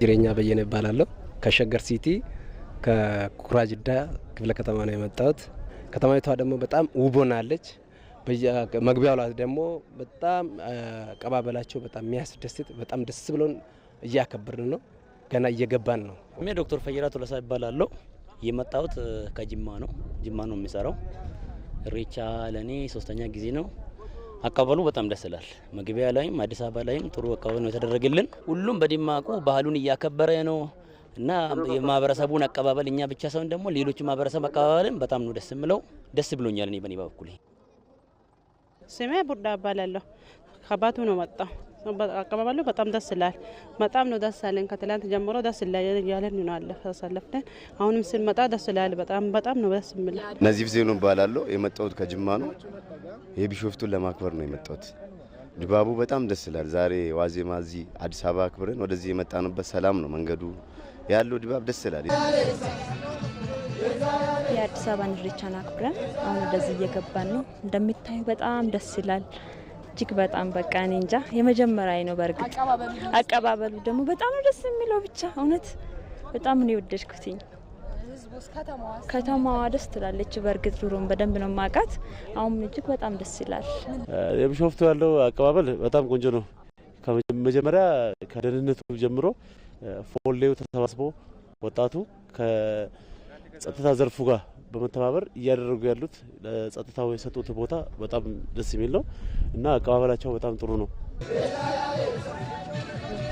ጅሬኛ በየነ ይባላለሁ። ከሸገር ሲቲ ከኩራጅዳ ክፍለ ከተማ ነው የመጣሁት። ከተማይቷ ደግሞ በጣም ውብ ሆናለች። መግቢያው ላይ ደግሞ በጣም አቀባበላቸው በጣም የሚያስደስት በጣም ደስ ብሎን እያከበርን ነው። ገና እየገባን ነው። እኔ ዶክተር ፈየራ ቶለሳ ይባላለሁ። የመጣሁት ከጅማ ነው። ጅማ ነው የሚሰራው። ኢሬቻ ለእኔ ሶስተኛ ጊዜ ነው። አቀባበሉ በጣም ደስ ይላል። መግቢያ ላይም አዲስ አበባ ላይም ጥሩ አቀባበል ነው የተደረገልን። ሁሉም በደማቁ ባህሉን እያከበረ ነው እና የማህበረሰቡን አቀባበል እኛ ብቻ ሳይሆን ደግሞ ሌሎች ማህበረሰብ አቀባበልን በጣም ነው ደስ የምለው። ደስ ብሎኛል። እኔ በኔ በኩል ስሜ ቡርዳ እባላለሁ። ከባቱ ነው መጣሁ። ነው። አቀባበሉ በጣም ደስ ይላል። በጣም ነው ደስ ያለን። ከትላንት ጀምሮ ደስ ይላል እያለን ነው አሳለፍነን። አሁንም ስንመጣ ደስ ይላል። በጣም በጣም ነው ደስ የሚል። ነዚፍ ዜኑ እባላለሁ። የመጣሁት ከጅማ ነው። የቢሾፍቱን ለማክበር ነው የመጣሁት። ድባቡ በጣም ደስ ይላል። ዛሬ ዋዜማ እዚህ አዲስ አበባ አክብረን ወደዚህ የመጣንበት ሰላም ነው። መንገዱ ያለው ድባብ ደስ ይላል። የአዲስ አበባን ኢሬቻን አክብረን አሁን ወደዚህ እየገባን ነው። እንደሚታዩ በጣም ደስ ይላል። እጅግ በጣም በቃ እኔ እንጃ የመጀመሪያ ነው። በእርግጥ አቀባበሉ ደግሞ በጣም ነው ደስ የሚለው። ብቻ እውነት በጣም ነው የወደድኩትኝ። ከተማዋ ደስ ትላለች። በእርግጥ ድሮም በደንብ ነው ማቃት፣ አሁን እጅግ በጣም ደስ ይላል። የቢሾፍቱ ያለው አቀባበል በጣም ቆንጆ ነው። መጀመሪያ ከደህንነቱ ጀምሮ ፎሌው ተሰባስቦ ወጣቱ ከጸጥታ ዘርፉ ጋር በመተባበር እያደረጉ ያሉት ለጸጥታው የሰጡት ቦታ በጣም ደስ የሚል ነው እና አቀባበላቸው በጣም ጥሩ ነው።